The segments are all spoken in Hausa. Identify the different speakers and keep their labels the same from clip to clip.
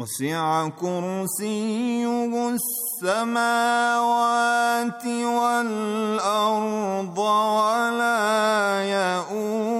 Speaker 1: وسع كرسيه السماوات والارض ولا يئوس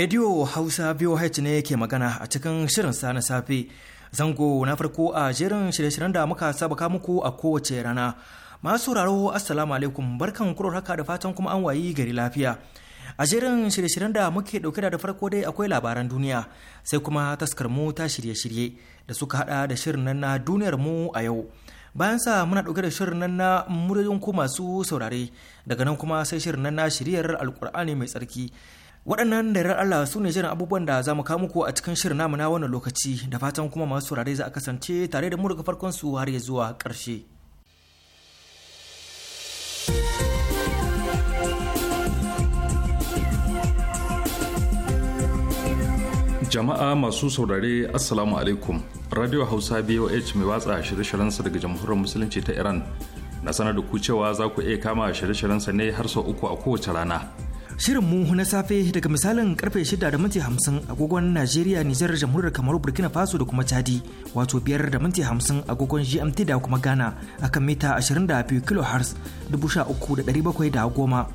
Speaker 2: Radio
Speaker 3: Hausa VOH ne ke magana a cikin shirin sa na safe. Zango na farko a jerin shirye-shiryen da muka sabaka muku a kowace rana. Masu raro Assalamu alaikum barkan kurar haka da fatan kuma an wayi gari lafiya. A jerin shirye-shiryen da muke dauke da farko dai akwai labaran duniya sai kuma taskar mu ta shirye-shirye da suka hada da shirin nan na duniyar mu a yau. Bayan sa muna dauke da shirin nan na muryoyin ku masu saurare daga nan kuma sai shirin nan na shiryar alkur'ani mai tsarki waɗannan da yarar Allah su ne jiran abubuwan da za mu kawo muku a cikin shirin namuna na wannan lokaci da fatan kuma masu saurare za a kasance tare da mu daga farkon su har zuwa ƙarshe.
Speaker 4: Jama'a masu saurare Assalamu alaikum Radio Hausa BOH mai watsa shirye-shiryensa daga Jamhuriyar Musulunci ta Iran na sanar da ku cewa za ku iya kama shirye-shiryensa ne har sau uku a kowace rana.
Speaker 3: shirinmu na safe daga misalin karfe 6 da minti 50 agogon Najeriya, Nijar, Jamhuriyar kamar Burkina Faso da kuma Chadi, wato 5 da minti 50 agogon GMT da kuma Ghana akan mita 22 kHz
Speaker 4: 13,710.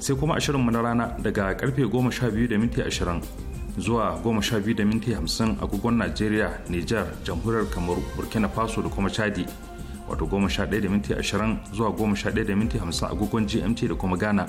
Speaker 4: Sai kuma ashirin mu na rana daga karfe 12 da minti 20 zuwa 12 da minti 50 agogon Najeriya, Nijar, Jamhuriyar kamar Burkina Faso da kuma Chadi. Wato 11 da minti 20 zuwa 11 da minti 50 agogon GMT da kuma Ghana.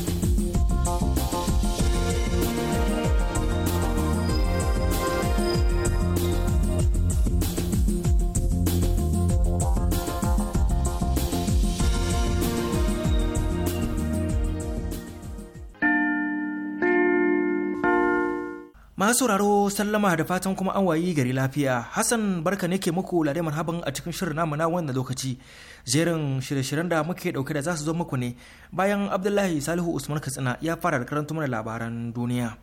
Speaker 3: Masu sauraro sallama da fatan kuma an wayi gari lafiya. Hassan barka ne ke muku lare marhaban a cikin shirin namu na wannan lokaci. Jerin shirye-shiryen da muke dauke da za su zo muku ne bayan Abdullahi Salihu Usman Katsina ya fara da karanta mana labaran duniya.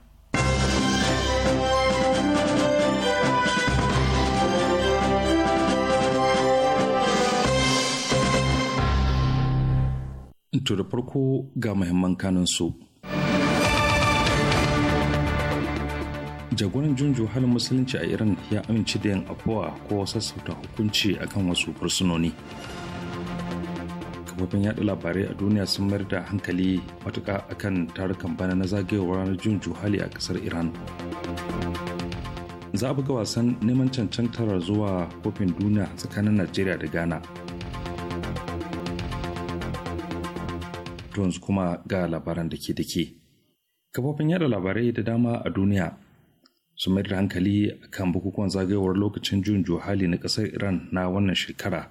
Speaker 4: To da farko ga muhimman kanunsu. su. jagoran junju halin musulunci a iran ya amince da yin afuwa ko sassauta hukunci akan wasu fursunoni kafofin yaɗa labarai a duniya sun mayar da hankali matuka akan tarukan bana na zagayowar ranar junju hali a kasar iran za a buga wasan neman cancantar zuwa kofin duniya tsakanin najeriya da ghana yanzu kuma ga labaran da ke da ke kafofin yada labarai da dama a duniya sun mai da hankali kan bukukuwan zagayowar lokacin juyin hali na ƙasar iran na wannan shekara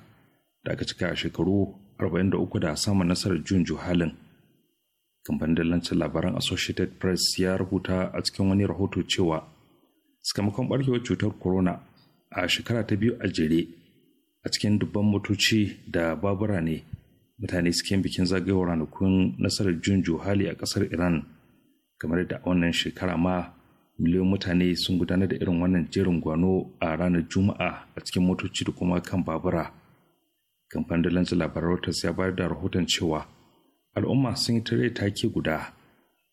Speaker 4: da aka cika a shekaru 43 da samun nasarar juyin juhalin kamfanin dalancin labaran associated press ya rubuta a cikin wani rahoto cewa sakamakon barkewar cutar corona a shekara ta biyu a jere a cikin dubban motoci da babura ne mutane suke bikin zagayowar ranakun nasarar juyin hali a ƙasar iran kamar da wannan shekara ma miliyoyin mutane sun gudanar da irin wannan jerin gwano a ranar juma'a a cikin motoci da kuma kan babura kamfanin dalancin labarai reuters ya bayar da rahoton cewa al'umma sun yi tare take guda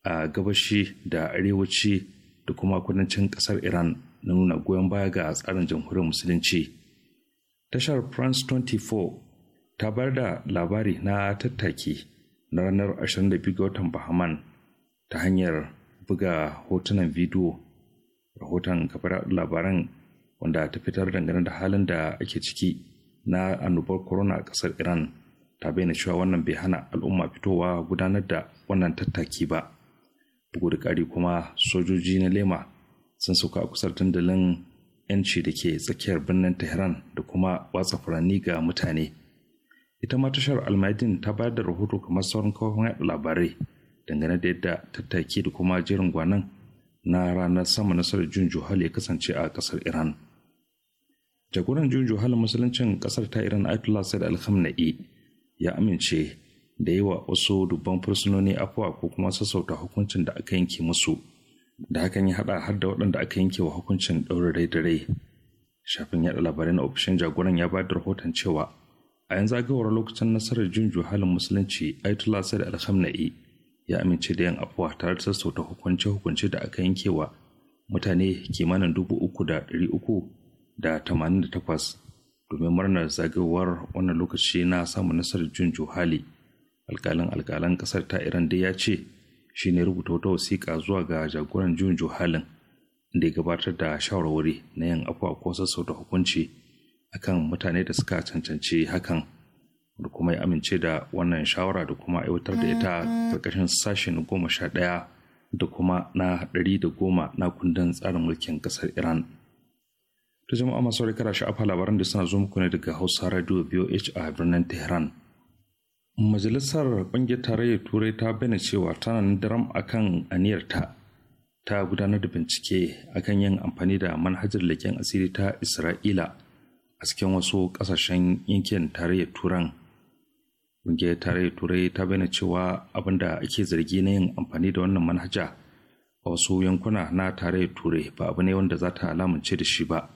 Speaker 4: a gabashi da arewaci da kuma kudancin kasar iran na nuna goyon baya ga tsarin jamhuriyar musulunci tashar france 24 ta bayar da labari na tattaki na ranar 22 ga watan bahaman ta hanyar buga hotunan bidiyo rahoton kafar labaran wanda ta fitar dangane da halin da ake ciki na annobar corona a ƙasar iran ta bayyana cewa wannan bai hana al'umma fitowa gudanar da wannan tattaki ba bugu da ƙari kuma sojoji na lema sun sauka a kusar dandalin yanci da ke tsakiyar birnin tehran da kuma watsa furanni ga mutane ita ma tashar almadin ta bayar da rahoto kamar sauran kafofin yaɗa labarai dangane da yadda tattaki da kuma jerin gwanan na ranar sama nasarar jun juhal ya kasance a kasar iran jagoran jun juhal musuluncin kasar ta iran ayatollah said alhamna'i ya amince da yi wa wasu dubban fursunoni afuwa ko kuma sassauta hukuncin da aka yanke musu da hakan ya hada har da waɗanda aka yanke wa hukuncin ɗaure rai da rai shafin yaɗa labarai na ofishin jagoran ya ba da rahoton cewa a yanzu agawar lokacin nasarar jun juhalin musulunci ayatollah said alhamna'i ya amince da yin afuwa tare da sassauta hukunce-hukunce da aka yankewa mutane kimanin dubu uku da ɗari uku da tamanin da takwas domin murnar zagayowar wannan lokaci na samun nasarar jun juhali alkalin alkalan ƙasar ta iran dai ya ce shi ne rubuta wata wasiƙa zuwa ga jagoran jun juhalin da ya gabatar da shawarwari na yin afuwa ko sassauta hukunci akan mutane da suka cancanci hakan da kuma ya amince da wannan shawara da kuma aiwatar da ita karkashin sashe na goma sha ɗaya da kuma na ɗari da goma na kundin tsarin mulkin ƙasar iran ta jama'a masu rikara sha'afa labaran da suna zo muku ne daga hausa radio boh a birnin tehran majalisar ƙungiyar tarayyar turai ta bayyana cewa tana daram akan aniyarta ta gudanar da bincike akan yin amfani da manhajar leken asiri ta isra'ila a cikin wasu ƙasashen yankin tarayyar turan ƙungiyar tarayyar turai ta bayyana cewa abin da ake zargi na yin amfani da wannan manhaja a wasu yankuna na tarayyar turai ba abu ne wanda za ta da shi ba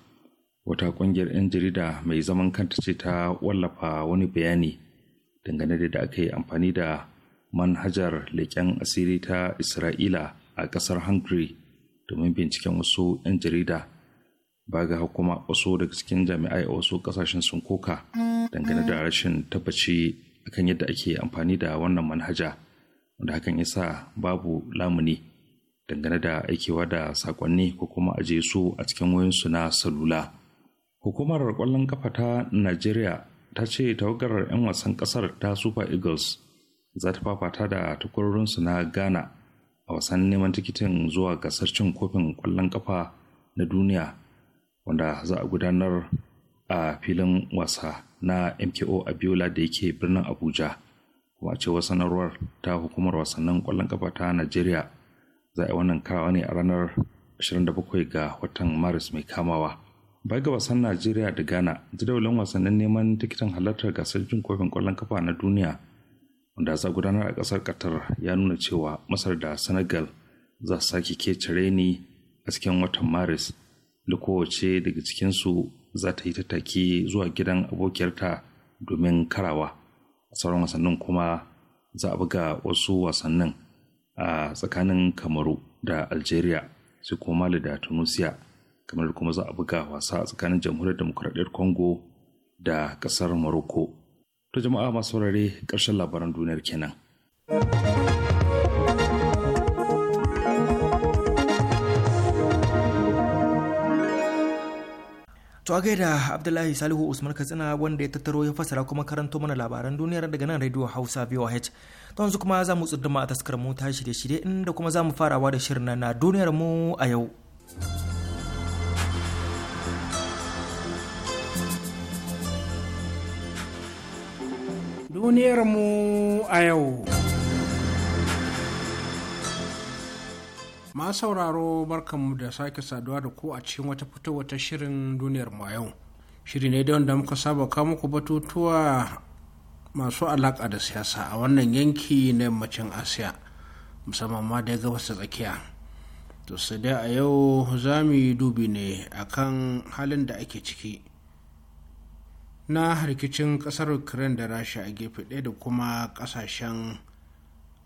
Speaker 4: wata ƙungiyar 'yan jarida mai zaman kanta ce ta wallafa wani bayani dangane da aka yi amfani da manhajar leƙen asiri ta isra'ila a ƙasar hungary domin binciken wasu 'yan jarida ba ga kuma wasu daga cikin jami'ai a wasu ƙasashen sun koka dangane da rashin tabbaci akan yadda ake amfani da wannan manhaja wanda hakan ya sa babu lamuni dangane da aikewa da sakonni ko kuma aje su a cikin wayansu na salula hukumar kwallon kafa ta najeriya ta ce tawagar 'yan wasan kasar ta super eagles za ta fafata da takwarorinsu na ghana a wasan neman tikitin zuwa gasar cin kofin kwallon kafa na duniya wanda za a gudanar a filin wasa na mko abiola da yake birnin abuja kuma a cewa sanarwar ta hukumar wasannin kwallon kafa ta najeriya za a yi wannan karawa ne a ranar 27 ga watan maris mai kamawa bai ga wasan najeriya da ghana jadawalin wasannin neman tikitin halartar gasar jin kofin kwallon kafa na duniya wanda za gudanar a kasar qatar ya nuna cewa masar da senegal za su sake kece reni a cikin watan maris da kowace daga cikinsu za ta yi tattaki zuwa gidan abokiyarta domin karawa a sauran wasannin kuma za a buga wasu wasannin a tsakanin kamaru da algeria sai kuma mali da tunisia kamar kuma za a buga wasa a tsakanin jamhuriyar demokuraɗiyar congo da ƙasar morocco to jama'a masu saurare ƙarshen labaran duniyar kenan. To a gaida
Speaker 3: Abdullahi Salihu Usman Katsina wanda ya tattaro ya fasara kuma karanto mana labaran duniyar daga nan Radio Hausa VOH. To yanzu kuma za mu tsunduma a taskar mu ta shirye-shirye inda kuma za mu farawa da shirin na duniyar mu a yau. Duniyar mu
Speaker 5: a yau. Ma sauraro barkanmu da sake saduwa da ku a cikin wata fitowar ta shirin duniyar mu yau. Shiri ne da wanda muka saba kawo muku batutuwa masu alaƙa da siyasa a wannan yanki na yammacin Asiya musamman ma da gabas da tsakiya. To sai dai a yau za mu yi dubi ne akan halin da ake ciki na rikicin ƙasar Ukraine da Rasha a gefe ɗaya da kuma ƙasashen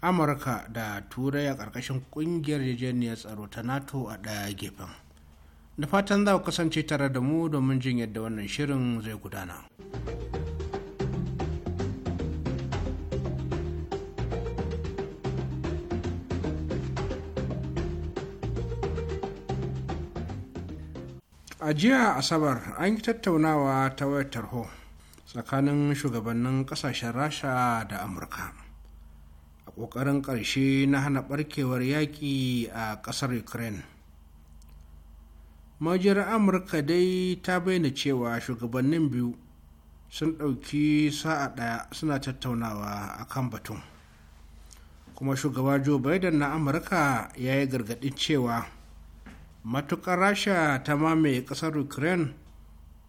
Speaker 5: amurka da turai a ƙarƙashin ƙungiyar yarjejeniyar tsaro ta nato a ɗaya gefen da fatan za ku kasance tare da mu domin jin yadda wannan shirin zai gudana a jiya asabar an yi tattaunawa ta wayar tarho tsakanin shugabannin kasashen rasha da amurka kokarin ƙoƙarin ƙarshe na hana ɓarkewar yaƙi a ƙasar ukraine majiyar amurka dai ta bayyana cewa shugabannin biyu sun ɗauki sa'a ɗaya suna tattaunawa a kan batun kuma shugaba joe biden na amurka ya yi gargaɗi cewa matuƙar rasha ta mamaye ƙasar ukraine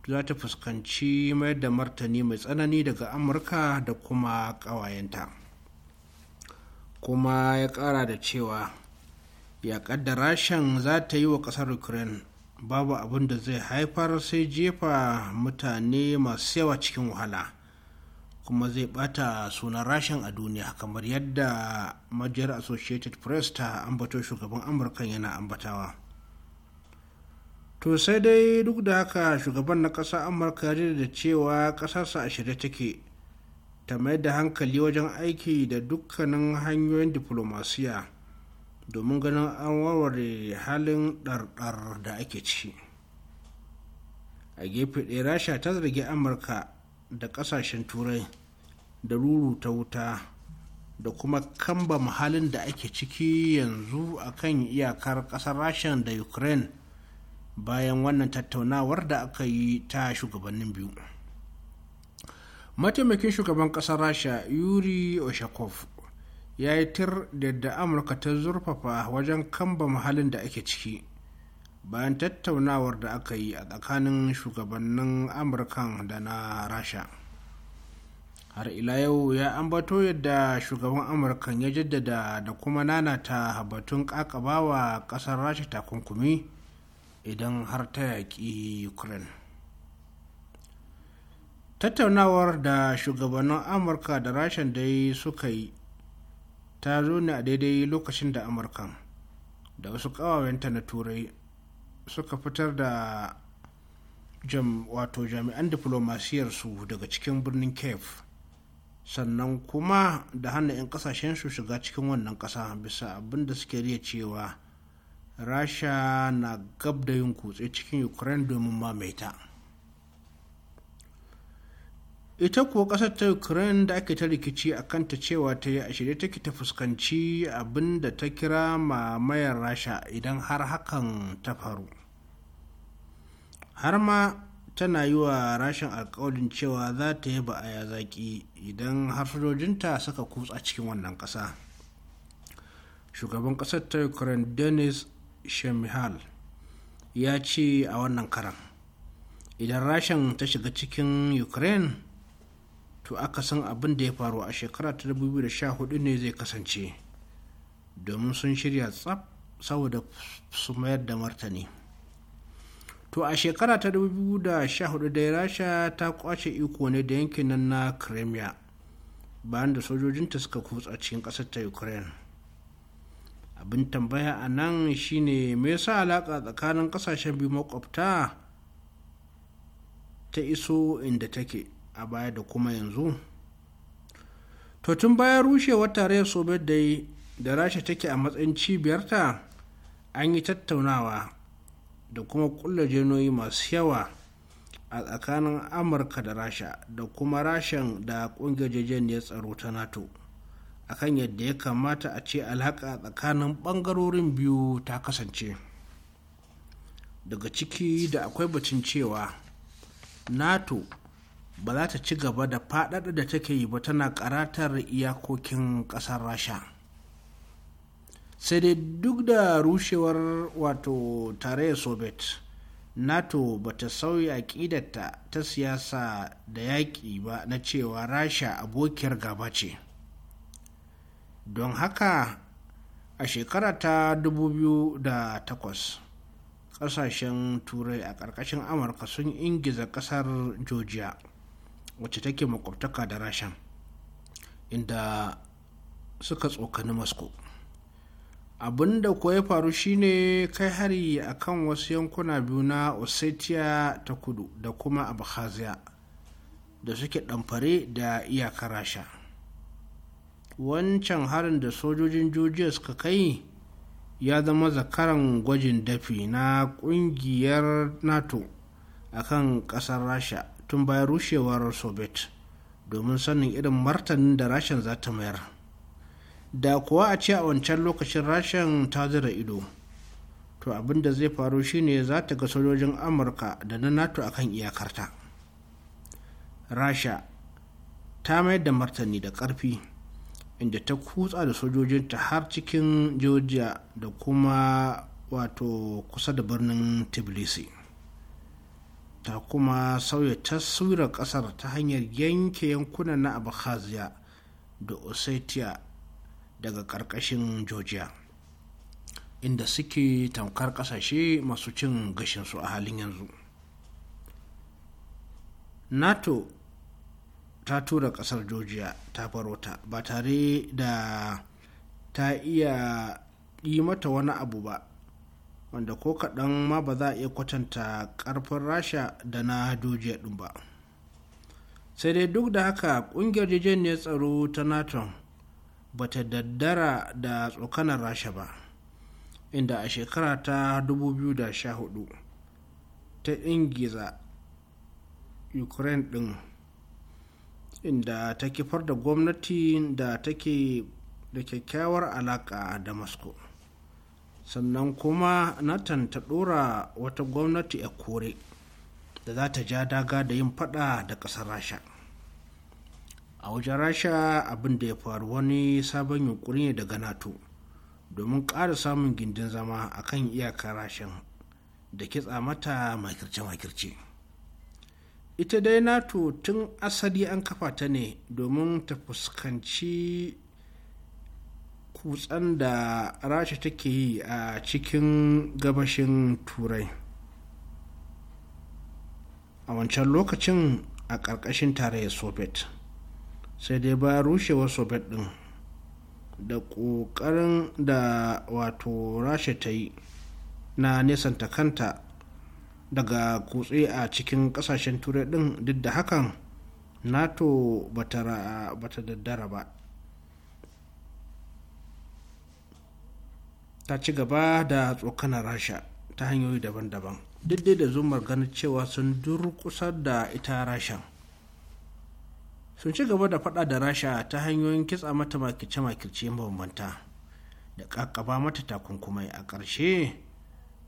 Speaker 5: za ta fuskanci mayar da martani mai tsanani daga amurka da kuma ƙawayenta kuma ya kara da cewa yaƙar da rashin za ta yi wa ƙasar ukraine babu abin da zai haifar sai jefa mutane masu yawa cikin wahala kuma zai bata sunan rashin a duniya kamar yadda majiyar associated press ta ambato shugaban amurka yana ambatawa to sai dai duk da haka shugaban na ƙasar amurka ya da cewa ƙasarsa a shirye take ta mai da hankali wajen aiki da dukkanin hanyoyin diflomasiya domin ganin an warware halin ɗarɗar da ake ci a gefe ɗaya rasha ta zargi amurka da ƙasashen turai da ruru ta wuta da kuma kamba halin da ake ciki yanzu a kan iyakar ƙasar rasha da ukraine bayan wannan tattaunawar da aka yi ta shugabannin biyu mataimakin shugaban ƙasar rasha yuri oshakov ya yi tir da yadda amurka ta zurfafa wajen kamba mahalin da ake ciki bayan tattaunawar da aka yi a tsakanin shugabannin amurkan da na rasha har ila yau ya ambato yadda shugaban amurkan ya jaddada da kuma nanata batun kakabawa ƙasar rasha takunkumi idan har ta yaƙi ukraine tattaunawar da shugabannin amurka da rashin dai suka yi ta zo ne a daidai lokacin da amurka da wasu ƙawayenta na turai suka fitar da jam wato jami'an diflomasiyarsu daga cikin birnin kef sannan kuma da hana 'yan kasashen su shiga cikin wannan ƙasa bisa abinda suke riya cewa rasha na gab da yin kutse cikin ukraine domin mamaita. ita kuwa ƙasar ta ukraine da ake ta rikici a kanta cewa ta yi a shirye take ta fuskanci abin da ta kira mamayar rasha idan har hakan ta faru har ma tana yi wa rashin alkawalin cewa za ta yi ba a zaki idan har sojojinta suka kutsa cikin wannan ƙasa shugaban ƙasar ta ukraine denis shemihal ya ce a wannan karan idan rashin ta shiga cikin ukraine to aka san abin da ya faru a shekara ta 2014 ne zai kasance domin sun shirya tsab saboda su mayar da martani to a shekara ta 2014 ya rasha ta kwace iko ne da yankin nan na crimea bayan da sojojinta suka kutsa cikin ƙasar ta ukraine abin tambaya a nan shine me yasa alaƙa tsakanin ƙasashen biyu makwabta ta iso inda take a baya da kuma yanzu to tun bayan rushewar tarayyar soviet dai da rasha take a matsayin cibiyarta an yi tattaunawa da kuma kulla jenoyi masu yawa a tsakanin amurka da rasha da kuma rashen da kungiyar ya tsaro ta nato akan yadda ya kamata a ce alhaka tsakanin bangarorin biyu ta kasance daga ciki da akwai bacin cewa nato ba za ta ci gaba da faɗaɗa da take yi ba tana karatar iyakokin ƙasar rasha sai dai duk da rushewar wato tarayyar soviet nato ba ta sauya ƙidata ta siyasa da yaƙi ba na cewa rasha abokiyar gaba ce don haka a shekara ta 2008 ƙasashen turai a ƙarƙashin amurka sun ingiza ƙasar georgia wacce take makwabtaka da rasha inda suka tsokani moscow abinda ko kuwa ya faru shine kai hari akan wasu yankuna biyu na ossetia ta kudu da kuma abkhazia da suke ɗamfare da iyakar rasha wancan harin da sojojin georgia suka kai ya zama zakaran gwajin dafi na ƙungiyar nato akan kasar ƙasar rasha tun bayan rushewar soviet domin sanin irin martanin da rashin za ta mayar da kuwa a ce a wancan lokacin rashin ta zira ido to abin da zai faru shine za ta ga sojojin amurka da na nato a kan iyakarta rasha ta mayar da martani da karfi inda ta kutsa da sojojinta har cikin georgia da kuma wato kusa da birnin tbilisi ta kuma sauya taswirar kasar ta hanyar yanke yankunan na abkhazia da ossetia daga ƙarƙashin georgia inda suke tamkar ƙasashe masu cin gashinsu a halin yanzu nato ta tura ƙasar georgia ta farota ba tare da ta iya yi mata wani abu ba wanda ko kaɗan ma ba za a iya kwatanta ƙarfin rasha da na dojiya ɗin ba sai dai duk da haka ƙungiyar jijiyar tsaro ta nato ba ta daddara da tsokanar rasha ba inda a shekara ta 2014 ta ingiza ukraine ɗin inda ta kifar da gwamnati da take da kyakkyawar alaƙa da moscow sannan kuma natan ta ɗora wata gwamnati a kore da za ta ja daga da yin fada da ƙasar rasha a wajen rasha abin da ya faru wani sabon yunkuri ne daga nato domin ƙara samun gindin zama a kan iyakar rashin da kitsa mata makirce-makirce ita dai nato tun asali an kafa ta ne domin ta fuskanci kutsen da rasha take yi a cikin gabashin turai a wancan lokacin a ƙarƙashin tarayyar soviet sai dai ba rushewar soviet ɗin da ƙoƙarin da wato rasha ta yi na nesanta kanta daga kutse a cikin ƙasashen turai ɗin duk da hakan nato bata daddara ba ta ci gaba da tsokanar rasha ta hanyoyi daban-daban duk da zumar ganin cewa sun durkusa da ita rasha sun ci gaba da fada da rasha ta hanyoyin kitsa mata makirce-makirce mabambanta da kakaba mata takunkumai a ƙarshe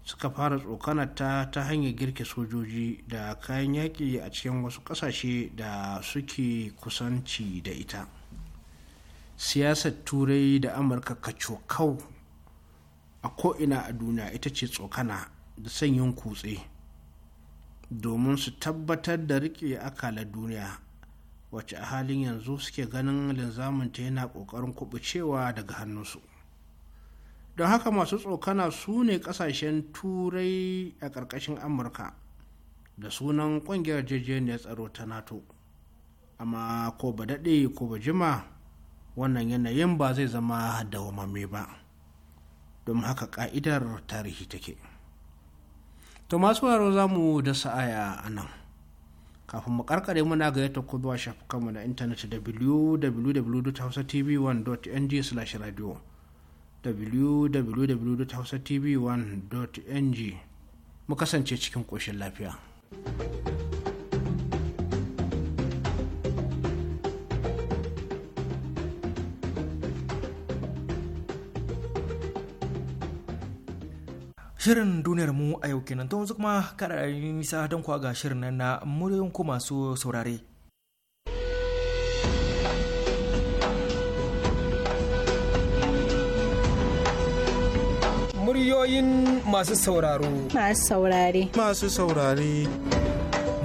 Speaker 5: suka fara tsokana ta hanyar girke sojoji da kayan yaƙi a cikin wasu ƙasashe da suke kusanci da ita siyasar turai da amurka kacokau a ko'ina a duniya ita ce tsokana da sanyin kutse domin su tabbatar da riƙe akalar duniya wacce a halin yanzu suke ganin ta yana ƙoƙarin kubucewa daga hannunsu don haka masu tsokana su ne ƙasashen turai a ƙarƙashin amurka da sunan ƙungiyar jejeniyar tsaro ta nato amma ko ba daɗe ko ba jima wannan yanayin ba zai zama dawamame ba. don haka ka'idar tarihi take to masu waro za mu da sa'aya a nan kafin mu karkare muna ga yadda kudu a shafukanmu na intanet www.hausatv1.ng slash radio www.hausatv1.ng mu kasance cikin koshin lafiya. thank you
Speaker 3: Shirin duniyar mu a yau kenan to yanzu kuma kada nisa don kuwa ga shirin nan na muryoyin ku masu saurare. Muryoyin masu sauraro.
Speaker 1: Masu saurare. Masu
Speaker 3: saurare.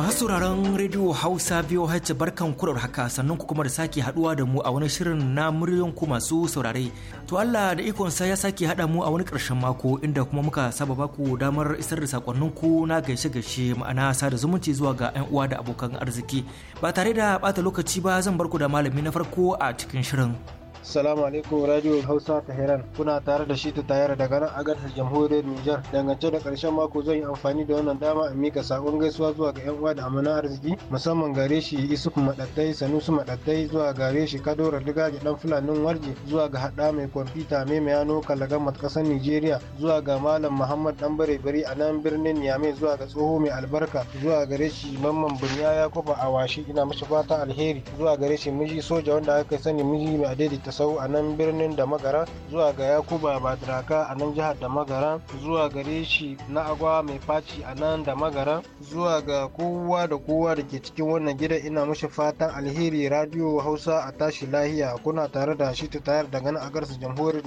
Speaker 3: Masu sauraron rediyo Hausa biyu hacce barkan kurar haka sannan ku kuma da sake haduwa da mu a wani shirin na muryoyin ku masu saurare. To Allah da ikon sa ya sake hada mu a wani karshen mako inda kuma muka saba baku damar isar da sakonnin ku na gaishe gaishe ma'ana da zumunci zuwa ga ƴan uwa da abokan arziki. Ba tare da bata lokaci ba zan barku da malami na farko a cikin shirin.
Speaker 6: Assalamu alaikum Radio Hausa Tehran. Kuna tare da shi ta tayar daga nan Agadar Jamhuriyar Nijar. Dangance da karshen mako zan yi amfani da wannan dama in mika sakon gaisuwa zuwa ga 'yan uwa da amana arziki musamman gare shi Isuf Madattai, Sanusi Madattai zuwa gare shi Kadora da dan Fulanin Warje zuwa ga hada mai kwamfuta mai mayano kalagan matkasan nigeria zuwa ga Malam Muhammad dan Barebari a nan birnin Niamey zuwa ga tsoho mai albarka zuwa gare shi Mamman Bunya ya kofa a washe ina mashi fata alheri zuwa gare shi miji soja wanda aka sani miji mai adaidaita sau a nan birnin da magara zuwa ga yakuba badraka a nan jihar da magara zuwa gare shi na agwa mai faci a nan da magara zuwa ga kowa da kowa da ke cikin wannan gidan ina mashi fatan alheri radio hausa a tashi lahiya kuna tare da
Speaker 7: shi ta tayar da ganin jamhuri jamhuriyar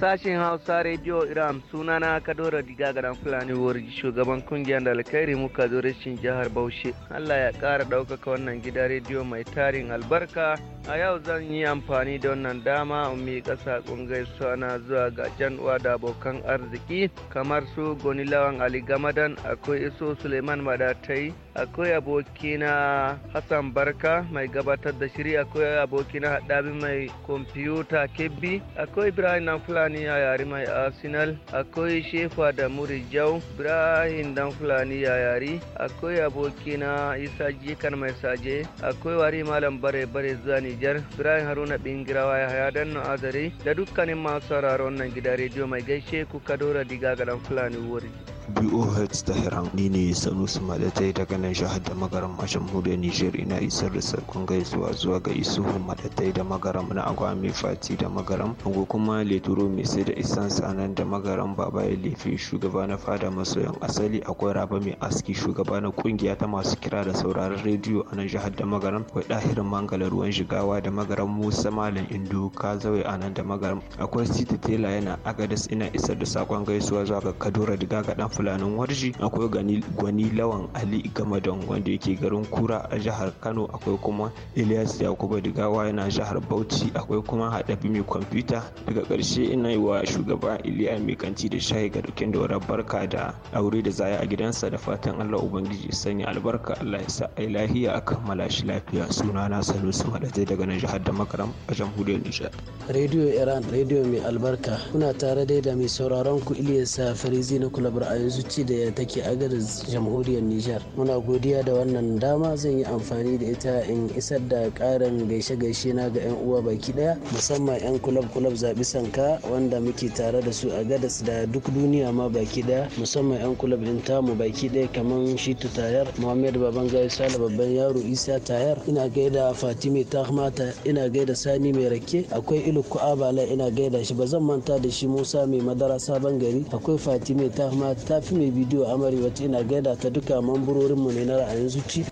Speaker 7: sashen hausa radio iram sunana kadora diga garan fulani wuri shugaban kungiyar da alkhairi muka zo rashin jihar bauchi allah ya kara daukaka wannan gida rediyo mai tarin albarka a yau zan yi amfani da wannan dama mi kasa kungai gaisuwa na zuwa ga jan uwa da abokan arziki kamar su goni lawan ali gamadan akwai iso suleiman madatai akwai abokina hassan barka mai gabatar da shiri akwai abokina haɗabi mai kwamfuta kebbi akwai ibrahim dan fulani a yari mai arsenal akwai shefa da muri jau ibrahim dan fulani a yari akwai abokina isa jikan mai saje akwai wari malam bare bare zuwa Nijar, Ibrahim Haruna Bingirawa ya haya dan azare da dukkanin masu sauraron wannan gida rediyo mai gaishe ku Kadora Diga dan Fulani Wuri.
Speaker 2: BOH Hiram ni ne Sanusi Madatai daga nan shahar da magaram a jamhuriyar Nijar ina isar da sakon gaisuwa zuwa ga Isuhu Madatai da magaram na Agwami Fati da magaram Ango kuma Leturo mai sai da isan sanan da magaram Baba ya lefi shugaba na fada masoyan asali akwai Raba mai aski shugaba na kungiya ta masu kira da sauraron rediyo a nan jihar da magaram akwai dahirin mangala ruwan shiga Digawa da magaran Musa Malam Indo ka zaure a nan da magaran. Akwai Siti Tela yana Agadas ina isar da sakon gaisuwa zuwa ga Kadura Diga ga dan Fulanin Warji. Akwai Gwani Lawan Ali Gamadon wanda yake garin Kura a jihar Kano. Akwai kuma Ilyas Yakubu Digawa yana jihar Bauchi. Akwai kuma Haɗabi mai kwamfuta. Daga karshe ina yi wa shugaba Iliya mai da shayi ga dukkan da barka da aure da zaya a gidansa da fatan Allah Ubangiji sanya albarka Allah ya sa ai lahiya a kammala shi lafiya sunana Sanusi Madaje daga nan jihar da makaram a jamhuriyar Nijar.
Speaker 8: Radio Iran radio mai albarka kuna tare dai da mai sauraron ku safari Farizi na kulabar a yanzu ci da take a garin jamhuriyar Nijar. Muna godiya da wannan dama zan yi amfani da ita in isar da karin gaishe-gaishe na ga 'yan uwa baki daya musamman 'yan kulab-kulab zaɓi sanka wanda muke tare da su a gadas da duk duniya ma baki daya musamman 'yan kulab din mu baki daya kamar shitu tayar muhammad baban gaisa sale babban yaro isa tayar ina gaida fatime tahma mata ina gaida sani mai rake akwai iluku abala ina gaida shi ba zan manta da shi musa mai madara sabon gari akwai fatime ta ma tafi mai bidiyo amari wata ina gaida ta duka mamburorin mu ne na ra'ayin zuci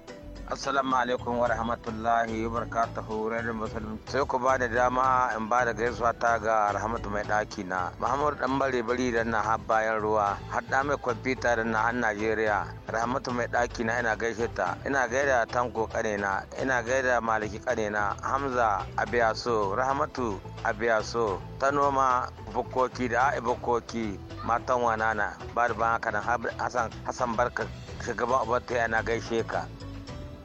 Speaker 2: assalamu alaikum wa rahmatullahi wa barakatuhu radiyon musulun sai ku bada dama in ba da gaisuwa ta ga rahmatu mai ɗakina. na muhammadu dan bare bari da na har bayan ruwa har mai kwamfuta da na har najeriya rahmatu mai ɗakina, na ina gaishe ta ina gaida tanko kanena ina gaida maliki kanena hamza abiyaso rahmatu abiyaso ta noma bukoki da a'i bukoki matan wanana ba da ban haka na hassan barka shugaban obata yana gaishe ka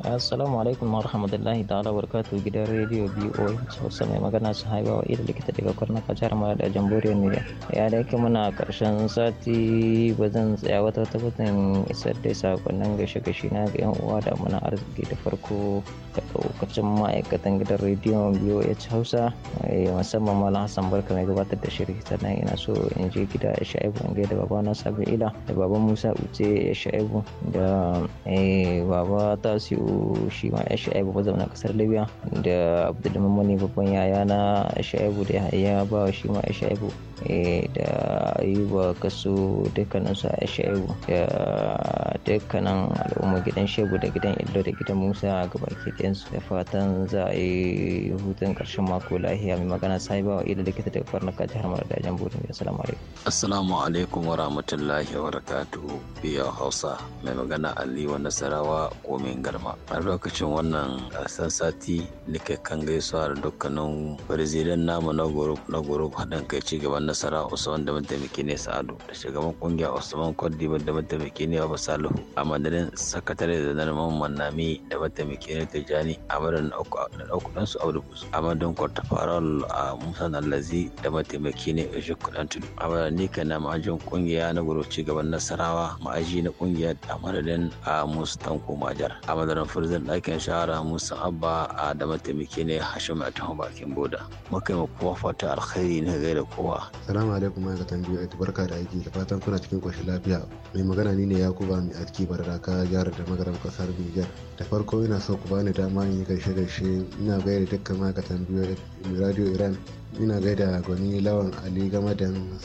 Speaker 9: assalamu alaikum wa rahmatullahi ta'ala wa barakatu gidan rediyo boh sosa mai magana su haiba wa likita daga kwarna kajar mara da jamhuriyar niger ya da yake muna karshen sati ba zan tsaya wata tabbatin isar da sakonnin gashe gashi na ga yan uwa da muna arziki da farko da daukacin ma'aikatan gidan rediyo boh hausa eh, musamman malam hassan barka mai gabatar da shirin sannan ina so in je gida ya sha'ibu in gaida baba na sabi'ila da baba musa uce ya sha'ibu da eh, baba siyo. shi ma sha'ibu a kasar libya da abdulmamani babban yaya na sha'ibu da ya ba shi ma eh, sha'ibu da ayuba kasu dukkanin su a sha'ibu da dukkanin al'umma gidan shebu da gidan illo da gidan musa ga baki su da fatan za a yi hutun karshen mako lahiya mai magana sai ba wa ila likita da farnaka jihar maradajen burin ya salama alaikum
Speaker 8: assalamu alaikum wa rahmatullahi wa barakatuhu biyan hausa mai magana aliyu wa nasarawa komin garma a lokacin wannan san sati nake kan gaisuwa da dukkanin brazilian namu na group na group haɗin kai ci gaban nasara usman da mataimaki ne sa'adu da shugaban kungiya usman kwaddibar da mataimaki ne abu salihu a madadin sakatare da narman manami da mataimaki ne tijjani a madadin ɗauku ɗansu abu a madadin kwartafaral a musa nalazi da mataimaki ne a shekudan tudu a madadin nika na ma'ajin kungiya na group ci gaban nasarawa ma'aji na kungiya a madadin a musu tanko majar a madadin zan ɗakin shahara musa abba a da mataimaki ne hashim a taho bakin boda muka yi kowa fata alkhairi ne da kowa
Speaker 6: salamu alaikum ma'aikatan zatan biyu barka da aiki da fatan kuna cikin koshin lafiya mai magana ni ne ya yakuba mai aiki bararaka jihar da magaran kasar niger da farko ina so ku bani dama in yi gaishe gaishe ina gaida dukkan ma'aikatan biyu radio iran ina gaida gwani lawan ali game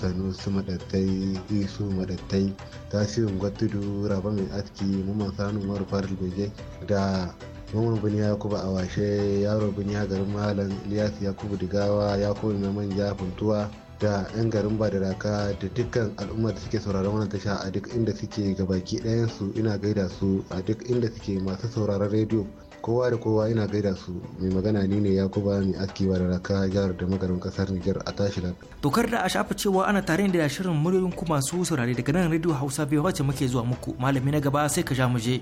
Speaker 6: sanu su madattai isu madattai tasirin gwatudu raba mai aski muma sanu umaru faril bege da mamman ya yakubu a washe yaro ya garin malam ilyasu yakubu digawa yakubu mai manja funtuwa da 'yan garin badaraka da dukkan al'ummar da suke sauraron wannan tasha a duk inda suke gabaki ɗayansu ina gaida su a duk inda suke masu sauraron rediyo kowa da kowa ina gaida su mai magana ni ne ya kuba mai aski wa raka jihar da magarin kasar niger a tashi
Speaker 3: tokar da a shafa cewa ana tare da shirin muryoyin ku masu saurare daga nan radio hausa bai wace muke zuwa muku malami na gaba sai ka ja mu je.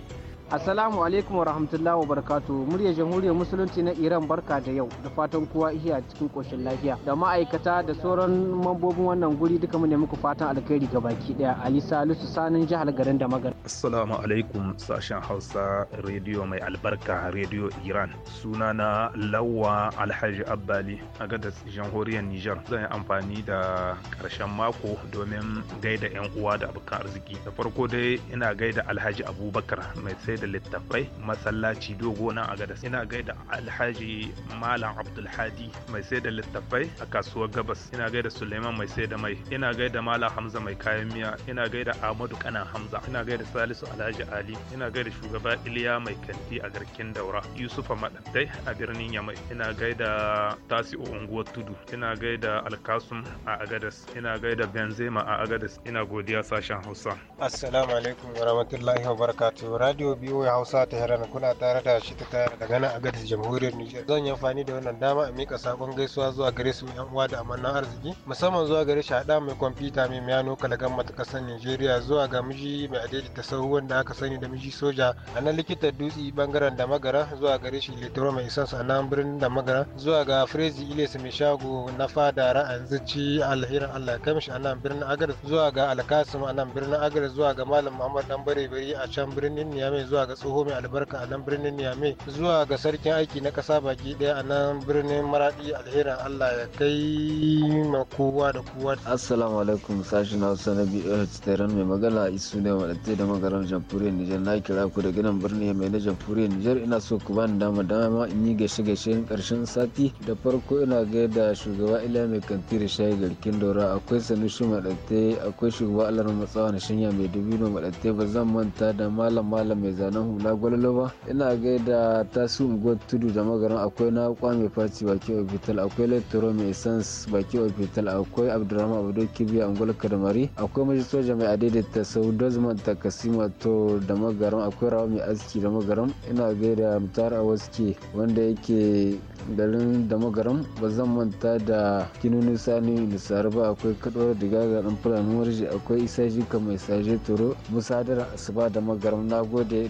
Speaker 6: Assalamu
Speaker 7: alaikum wa rahmatullahi
Speaker 5: wa barakatu Murya jamhuriyar musulunci na Iran barka da yau da fatan kowa iya cikin koshin lafiya da ma'aikata da sauran mambobin wannan guri duka mu ne muku fatan alkhairi baki daya Ali Salisu sanin jihar garin da magana.
Speaker 4: Assalamu alaikum sashen Hausa rediyo mai albarka rediyo Iran suna na Alhaji Abbali a gadas jamhuriyar Nijar zan yi amfani da karshen mako domin gaida yan uwa da abokan arziki da farko dai ina gaida Alhaji Abubakar mai sai da littafai masallaci dogo nan a gadas ina gaida alhaji malam abdulhadi mai sai da littafai a kasuwar gabas ina gaida suleiman mai sai da mai ina gaida malam hamza mai kayan miya ina gaida ahmadu kanan hamza ina gaida salisu alhaji ali ina gaida shugaba iliya mai kanti a garkin daura yusufa madaddai a birnin yamai ina gaida tasi'u unguwar tudu ina gaida alkasum a agadas ina gaida benzema a agadas ina godiya sashen hausa
Speaker 6: assalamu alaikum wa wabarakatuh radio biyu biyo ya hausa ta heran kuna tare da shi ta tare daga nan a gadis jamhuriyar niger zan yi amfani da wannan dama a mika sakon gaisuwa zuwa gare su yan uwa da amannan arziki musamman zuwa gare shi hada mai kwamfuta mai miyano kalagan mata kasar nigeria zuwa ga miji mai adadi ta sahu wanda aka sani da miji soja a nan likita dutse bangaren da magara zuwa gare shi litoro mai isansu a nan birnin da magara zuwa ga frezi ilesu mai shago na fada ra'ayin zuci alherin allah ya kamshi a nan birnin agar zuwa ga alkasim a nan birnin agar zuwa ga malam muhammad dan bare bari a can birnin niyamai zuwa ga tsoho mai albarka a nan birnin Niamey zuwa ga sarkin aiki na kasa baki daya a nan birnin Maradi alherin Allah ya kai ma kowa da kowa. Assalamu alaikum sashen Hausa na BOH Tehran mai magana isu ne dattai da magaran jamhuriyar Nijar na kira ku da gidan birnin yamai na jamhuriyar Nijar ina so ku bani dama dama in yi gaishe gaishe karshen sati da farko ina gaida shugaba ila mai kanti da shayi garkin Dora akwai Sanusi Madatte akwai shugaba Alar Matsawa na Shinya mai Dubino Madatte ba zan manta da malam malam mai zanen hula gwalalo ba ina gaida tasu unguwar tudu da magaran akwai na kwame faci baki ofital akwai lettero mai sans baki hospital akwai abdurrahman abdul kibiya angola kadamari akwai maji soja mai adaidaita sau dozman kasima to da magaran akwai rawa mai aski da magaran ina gaida mutar awaski wanda yake garin da magaram ba zan manta da kinuni sani nisar ba akwai da diga ga ɗan fulani warji akwai isa jika mai saje toro musadar asuba da magaram na gode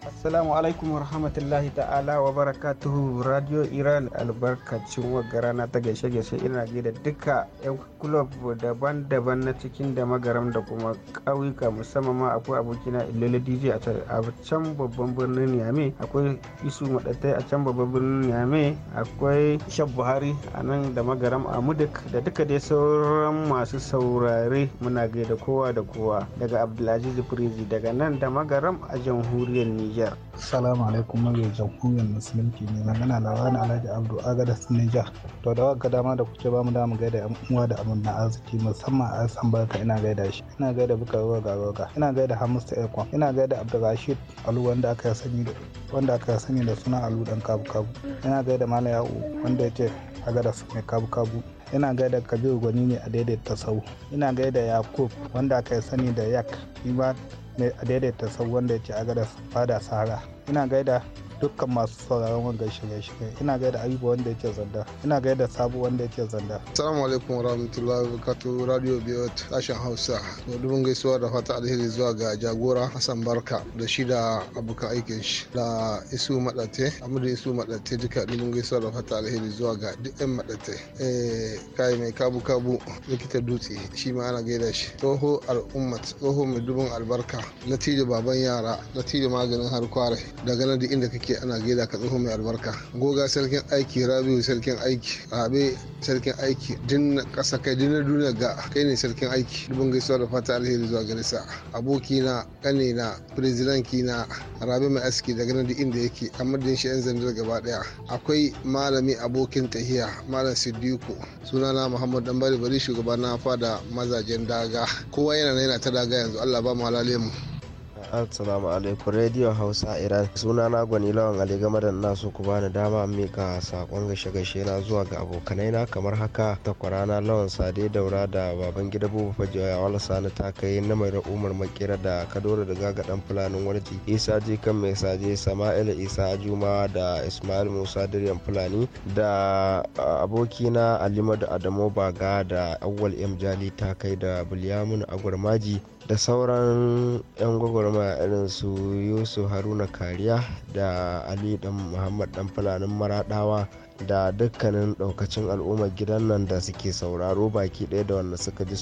Speaker 6: Assalamu alaikum warahmatullahi ta'ala wa barakatuhu Radio Iran albarkacin rana ta gaishe-gaishe ina da duka 'yan kulob daban-daban na cikin da magaram da kuma ƙauyuka musamman ma akwai abokina Ilele DJ a can babban birnin Niamey akwai Isu Madatai a can babban birnin Niamey akwai Shab Buhari a nan da magaram a Mudik da duka dai sauran masu saurare muna gaida kowa da kowa daga Abdulaziz Prezi daga nan da magaram a jamhuriyar ni. Niger. Salamu alaikum mai jamhuriyar musulunci ne magana labarin Alhaji Abdu Agada Niger. To da waka dama da kuke bamu damu gaida yan uwa da na arziki musamman a san barka ina gaida shi. Ina gaida buka roga roga. Ina gaida Hamisu Ekwan. Ina gaida Abdulrashid Alu wanda aka sani da wanda aka sani da suna Alu dan kabu kabu. Ina gaida Malam Ya'u wanda ya ce Agada su mai kabu kabu. ina gaida kabiru gwani ne a daidaita sau ina gaida yakub wanda aka sani da yak mai adaidaita sau wanda ya ce a gada fada sahara ina gaida dukkan masu sauraron wanga shirye-shirye ina gaida abubuwa wanda yake zanda ina gaida sabu wanda yake
Speaker 10: zanda assalamu alaikum wa wabarakatuh radio biot sashen hausa dubin gaisuwa da fata alheri zuwa ga jagora hassan barka da shi da abokan aikin shi da isu madate amadu isu madate duka dubin gaisuwa da fata alheri zuwa ga duk yan madate eh, kai mai kabu kabu likita dutse shi ma ana gaida shi toho al'umma toho mai dubin albarka na baban yara na maganin har kware daga nan inda kake aiki ana gaida ka tsoho mai albarka goga sarkin aiki rabiu sarkin aiki abe sarkin aiki dinna kasa kai dinna duniya ga kai ne sarkin aiki dubin gaisuwa da fata alheri zuwa gare sa aboki na kane na ki na rabi mai aski daga nan inda yake a shi yan zandar gaba daya akwai malami abokin tahiya malam siddiku sunana muhammad dan bari bari shugaba na fada mazajen daga kowa yana yana ta daga yanzu allah ba mu halale mu
Speaker 6: Assalamu alaikum Radio Hausa Iran. Suna na gwani lawan Ali game da na so ku bani dama mika sakon gashe gashe na zuwa ga abokanai na kamar haka takwarana lawan Sade Daura da baban gida Bubu Fajoya wala sani ta kai na mai Umar Makira da Kadoro da Gaga dan fulanin warji Isa je kan mai saje Sama'il Isa Juma da Ismail Musa Diryan Fulani da abokina Alimadu Adamu Baga da Awwal M Jali ta kai da Bulyamun Agurmaji da sauran 'yan gwagwarma irin su yusuf haruna kariya da ali dan muhammad dan fulanin maradawa da dukkanin daukacin al'ummar gidan nan da suke sauraro baki ɗaya da wanda suka ji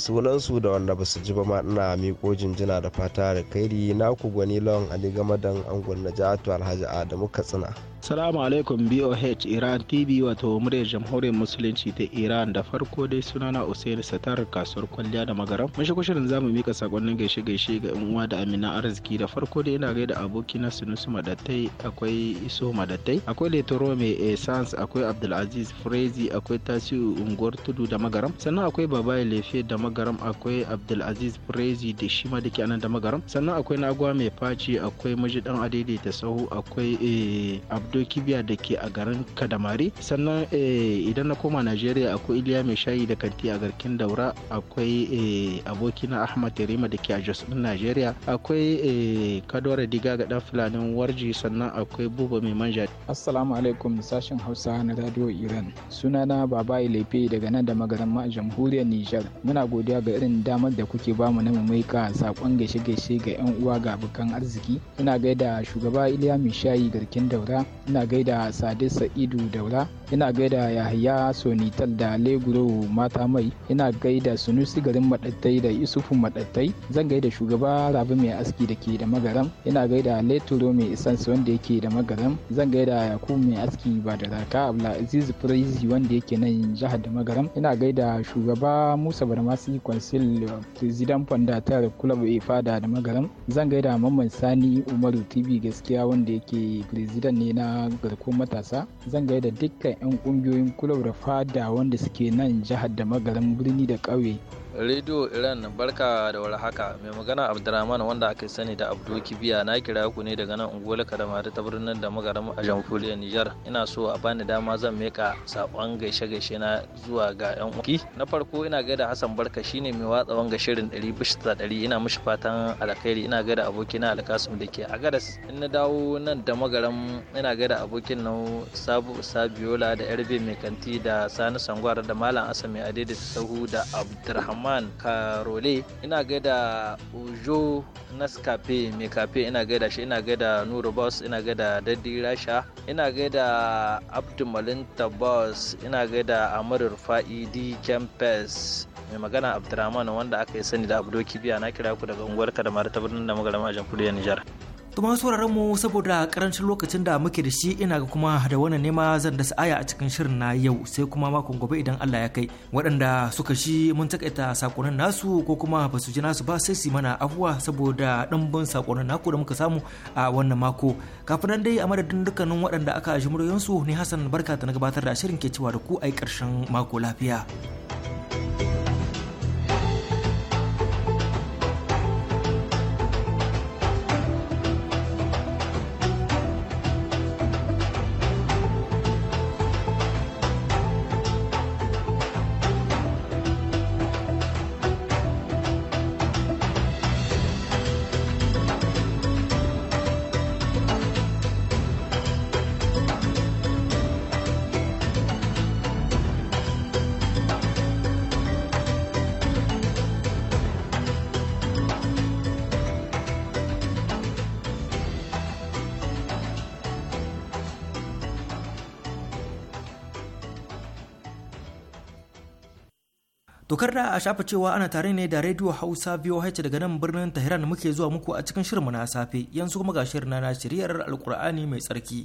Speaker 6: sunansu da wanda ba su ji ba ma ina miko jinjina da fata da kairi naku gwani lawan ali gamadan angon najatu alhaji adamu katsina
Speaker 8: Salamu alaikum BOH Iran TV wato muryar jamhuriyar musulunci ta Iran da farko dai sunana Usaini Satar kasuwar kwalliya da magaram. Mun shigo shirin zamu mika sakonnin gaishe gaishe ga yan uwa da amina arziki da farko dai ina gaida aboki na Sunusu Madattai akwai Iso Madattai akwai Letoro mai Essence akwai Abdulaziz Frezi akwai Tasiu
Speaker 5: Unguwar Tudu da magaram sannan akwai Babai Lefe da magaram akwai Abdulaziz Frezi da shi ma dake anan da magaram sannan akwai Nagwa mai Faci akwai Mujidan ta Sahu akwai eh, Abdul kibiya da ke a garin kadamari sannan eh, idan na koma najeriya akwai iliya mai shayi da kanti a garkin daura akwai eh, abokina ahmad yarima da ke a jos din najeriya akwai eh, kadore diga ga dan fulanin warji sannan akwai buba
Speaker 8: mai manja assalamu alaikum sashen hausa na radio iran sunana baba ilefe daga nan da magaran ma jamhuriyar nijar muna godiya ga irin damar da kuke bamu na mamaika sakon gaishe-gaishe ga yan uwa ga abokan arziki ina gaida shugaba iliya mai shayi garkin daura ina gaida sadi sa'idu daura ina gaida yahaya sonital da leguro mata mai ina gaida sunusi garin madattai da isufu madattai zan gaida shugaba rabi mai aski da ke da magaram ina gaida leturo mai isansu wanda yake da magaram zan gaida yakubu mai aski ba da raka aziz praise wanda yake nan jihar da magaram ina gaida shugaba musa barmasi consul president fondatar club ifada da magaram zan gaida mamman sani umaru tv gaskiya wanda yake president ne na garkuwar matasa zan gaida dukkan 'yan kungiyoyin kulob da fada wanda suke nan jihar da magarin birni da ƙauye
Speaker 3: Radio Iran barka da warhaka mai magana Abdurrahman wanda aka sani da Abdul Kibiya na kira ku ne daga nan unguwar Kadamari ta birnin da magaram a Jamhuriyar Nijar ina so a bani dama zan meka sakon gaishe gaishe na zuwa ga yan uki na farko ina gaida Hassan Barka shine mai watsa wanga shirin 100 ɗari ina mishi fatan alkhairi ina gaida abokina Alkasim da ke a Gadas in na dawo nan da magaram ina gaida abokin nan Sabu Sabiola da Yarbe mai kanti da Sani Sangwara da Malam Asami Adede Sahu da Abdurrahman abdurrahman karole ina gaida ujo nascafe mai kafe ina ga da shi ina gaida nuru boss ina gaida daddi rasha ina gaida abdulmalin tabbas ina gaida amir rufa'i d Campus mai magana abdurrahman wanda aka yi sani da abdoki Kibiya na kira ku daga unguwar kadamar ta birnin da magarama jamhuriyar nijar To masu sauraron mu saboda karancin lokacin da muke da shi ina ga kuma da wannan nema zan da aya a cikin shirin na yau sai kuma makon gobe idan Allah ya kai waɗanda suka shi mun takaita sakonin nasu ko kuma ba su ji nasu ba sai su mana afuwa saboda ɗimbin sakonin naku da muka samu a wannan mako kafin nan dai a madadin dukkanin waɗanda aka ji muryoyinsu ni Hassan barka ta na gabatar da shirin ke cewa da ku ai karshen mako lafiya. thank you a shafa cewa ana tare ne da Radio Hausa VOH daga nan birnin Tehran muke zuwa muku a cikin shirinmu na safe yanzu kuma ga shirin na shiryar Alkur'ani mai tsarki.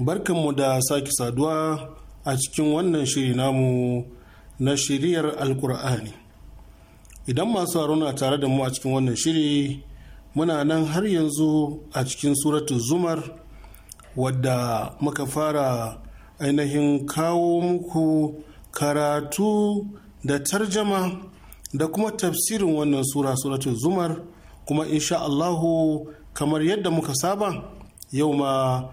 Speaker 11: Barkanmu da sake saduwa a cikin wannan shiri namu na shiriyar Alkur'ani. Idan masu na tare da mu a cikin wannan shiri muna nan har yanzu a cikin suratu zumar wadda muka fara ainihin kawo muku karatu da tarjama da kuma tafsirin wannan sura suratu zumar kuma insha Allahu kamar yadda muka saba yau ma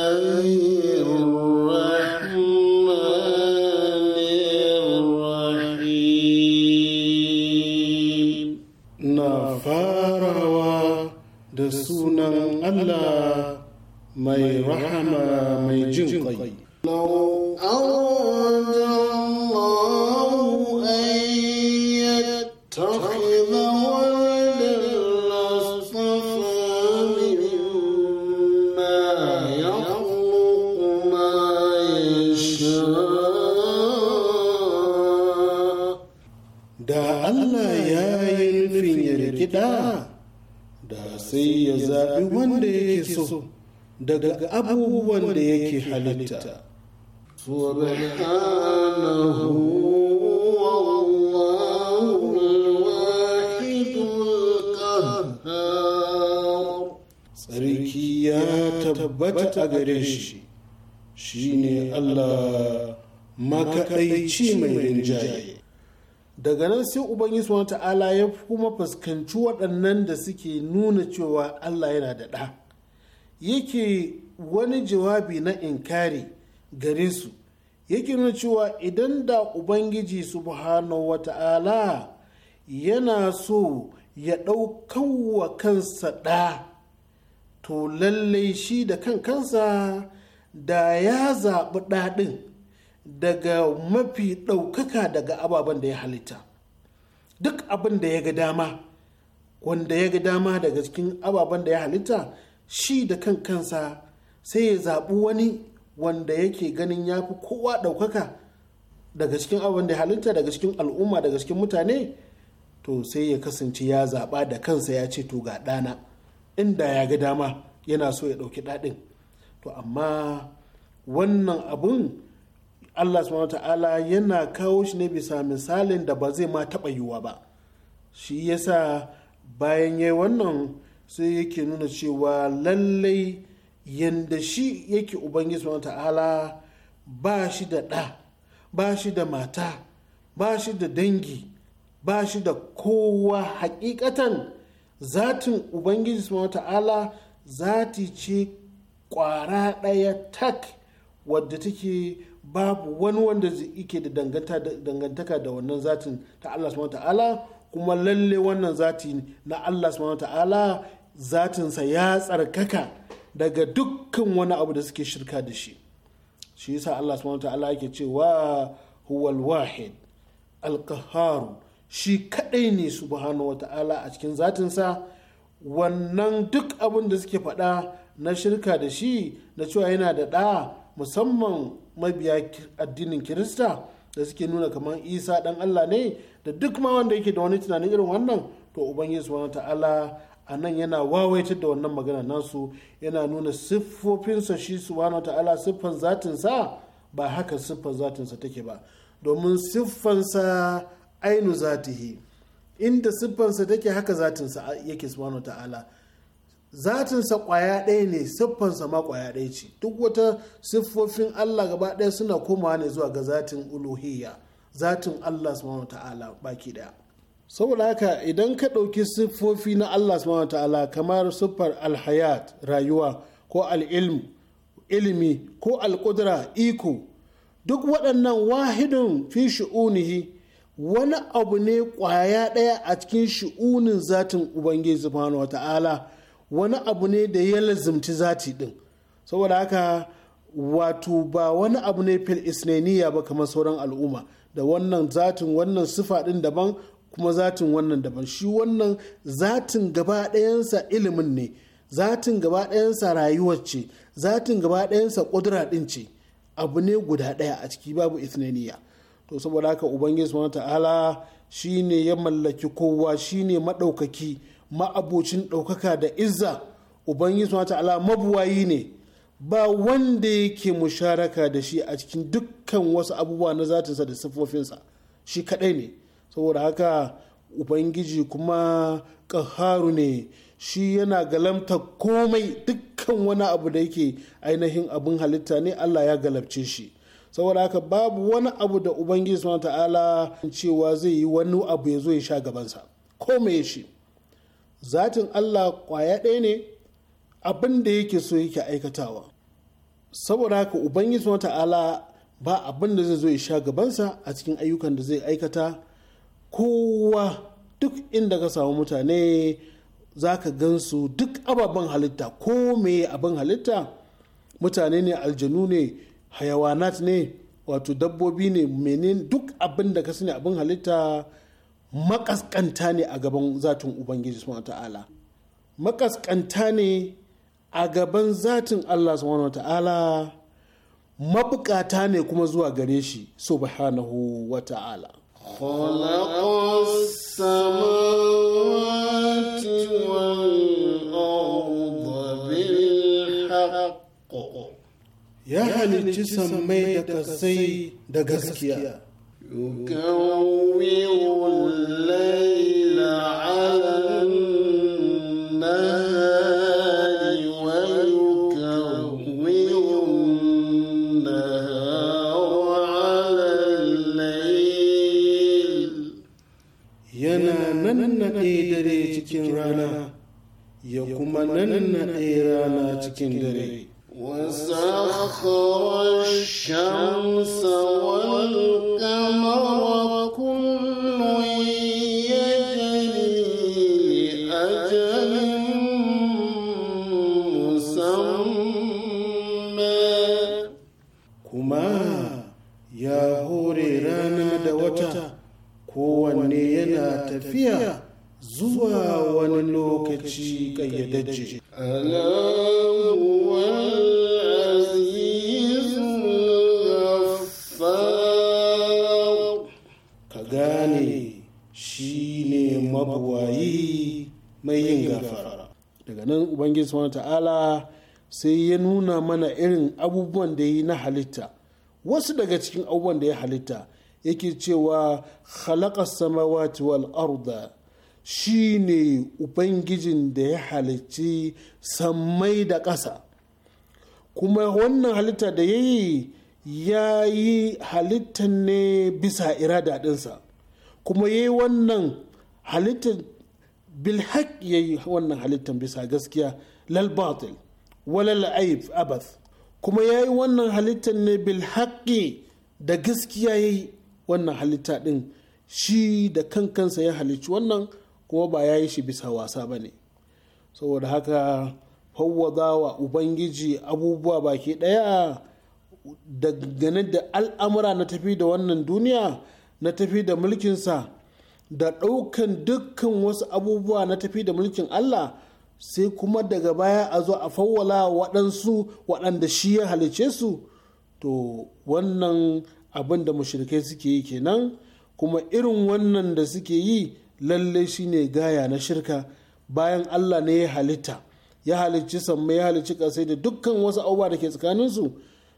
Speaker 11: sunan Allah mai rahama mai jin ƙai. daga abubuwan da yake
Speaker 10: halitta
Speaker 11: tsarki ya tabbata a gare shi shi ne allah makaɗaici mai rinjaye daga nan sai ubangiji wa ta'ala ya kuma fuskanci waɗannan da suke nuna cewa allah yana da ɗa yake wani jawabi na inkari gare su yake nuna cewa idan da ubangiji subhanahu wata'ala yana so ya wa kansa ɗa to lallai shi da kan kansa da ya zaɓi ɗaɗin daga mafi ɗaukaka daga ababen da ya halitta duk abin da ya ga dama wanda ya ga dama daga cikin ababen da ya halitta shi da kan kansa sai ya zaɓi wani wanda yake ganin ya fi kowa ɗaukaka daga cikin abin da halitta daga cikin al'umma daga cikin mutane to sai ya kasance ya zaɓa da kansa ya ce to ga ɗana inda ya ga dama yana so ya ɗauki ɗaɗin to amma wannan abun allah subhanahu ta'ala yana kawo shi ne bisa misalin da ba zai ma taɓa yiwuwa ba shi yasa bayan yayi wannan sai yake nuna cewa lallai yadda shi yake ubangiji wa ta'ala ba shi da ɗa ba shi da mata ba shi da dangi ba shi da kowa hakikatan zatin ubangiji wa ta'ala zati ce kwara ɗaya tak wadda take babu wani wanda ke da dangantaka da wannan zatin ta Allah subhanahu ta'ala kuma lalle wannan zati na Allah subhanahu ta'ala zatinsa ya tsarkaka daga dukkan wani abu da suke shirka da shi shi yasa Allah subhanahu ta'ala yake cewa huwal wahid alkaharu shi kadai ne subhanahu ta'ala a cikin zatinsa wannan duk abun da suke faɗa na shirka da shi na cewa yana da ɗa musamman mabiya addinin kirista da suke nuna kamar isa ɗan allah ne da duk ma wanda yake da wani tunanin irin wannan to ubangiji subhanahu ta'ala a nan yana wawaitar da wannan magana nasu yana nuna siffofinsa shi subhanahu ta'ala siffan zatinsa ba haka siffan zatinsa take ba domin siffansa ainu zatihi inda siffansa take haka zatinsa yake subhanahu ta'ala zatinsa kwaya ɗaya ne siffansa ma kwaya ɗaya ce duk wata siffofin allah gaba ɗaya suna komawa ne zuwa ga zatin uluhiyya zatin allah subhanahu ta'ala baki ɗaya saboda haka idan ka ɗauki siffofi na Allah subhanahu ta'ala kamar siffar alhayat rayuwa ko al'ilm ilimi ko alƙudura iko duk waɗannan wahidun fi shi'unihi wani abu ne ƙwaya ɗaya a cikin shi'unin zatin ubangiji subhanahu ta'ala wani abu ne da ya lazimci zati ɗin saboda haka wato ba wani abu ne fil isneniya ba kamar sauran al'umma da wannan zatin wannan sifa ɗin daban kuma zatin wannan daban shi wannan zatin gaba ɗayansa ilimin ne zatin gaba ɗayansa rayuwar ce zatin gaba ɗayansa ƙudura ɗin ce abu ne guda ɗaya a ciki babu isnaniya to saboda haka ubangiji subhanahu ta'ala shine ya mallaki kowa shine maɗaukaki ma'abocin ɗaukaka da izza ubangiji subhanahu ta'ala mabuwayi ne ba wanda yake musharaka da shi a cikin dukkan wasu abubuwa na zatinsa da siffofinsa shi kaɗai ne saboda haka ubangiji kuma ƙaharu ne shi yana galamta komai dukkan wani abu da yake ainihin abin halitta ne allah ya galabce shi saboda haka babu wani abu da ubangiji subhanahu ta'ala cewa zai yi wani abu ya zo ya sha gabansa komai shi zatin allah kwaya ɗaya ne abin da yake so yake aikatawa saboda haka ubangiji subhanahu ta'ala ba abin da zai zo ya sha gabansa a cikin ayyukan da zai aikata kowa duk inda ka samu mutane za ka gansu duk ababen halitta ko me abin halitta mutane ne aljanu ne hayawanat ne wato dabbobi ne menin duk abin da ka sani abin halitta makaskanta ne a gaban zatin ubangiji subhanahu ta'ala makaskanta ne a gaban zatin Allah subhanahu ta'ala mabukata ne kuma zuwa gare shi subhanahu wa ta'ala خلق
Speaker 1: السماوات والأرض بالحق يا
Speaker 11: جسم ميت السي يكور
Speaker 1: الليل على
Speaker 11: kuma na naɗe na cikin dare وسخر
Speaker 1: الشمس والقمر
Speaker 11: ƙayyadajje. Ka gane shi ne mabuwayi mai yin gafara. Daga nan Ubangiji Subhanahu ta'ala sai ya nuna mana irin abubuwan da yi na halitta. Wasu daga cikin abubuwan da ya halitta yake cewa khalaqa samawati wal arda shi ne ubangijin da ya halicci sammai da ƙasa kuma wannan halitta da ya yi ya yi halittar ne bisa irada ɗinsa kuma ya yi wannan halittar bilhaq ya yi wannan halittar bisa gaskiya lal walal aib abath kuma ya yi wannan halittar ne bilhaƙi da gaskiya ya yi wannan halitta ɗin shi da kankansa ya halicci wannan kuma ba ya yi shi bisa wasa ba ne saboda haka fawwada wa ubangiji abubuwa baki ɗaya dangane da al'amura na tafi da wannan duniya na tafi da mulkinsa da ɗaukan dukkan wasu abubuwa na tafi da mulkin Allah sai kuma daga baya a zo a fawwala waɗansu waɗanda shi ya halice su to wannan abin da mashirikai suke yi kenan kuma irin wannan da suke yi lallai shine gaya na shirka bayan Allah ne ya halitta ya halicci sammai ya halicci ƙasai da dukkan wasu abubuwa da ke tsakaninsu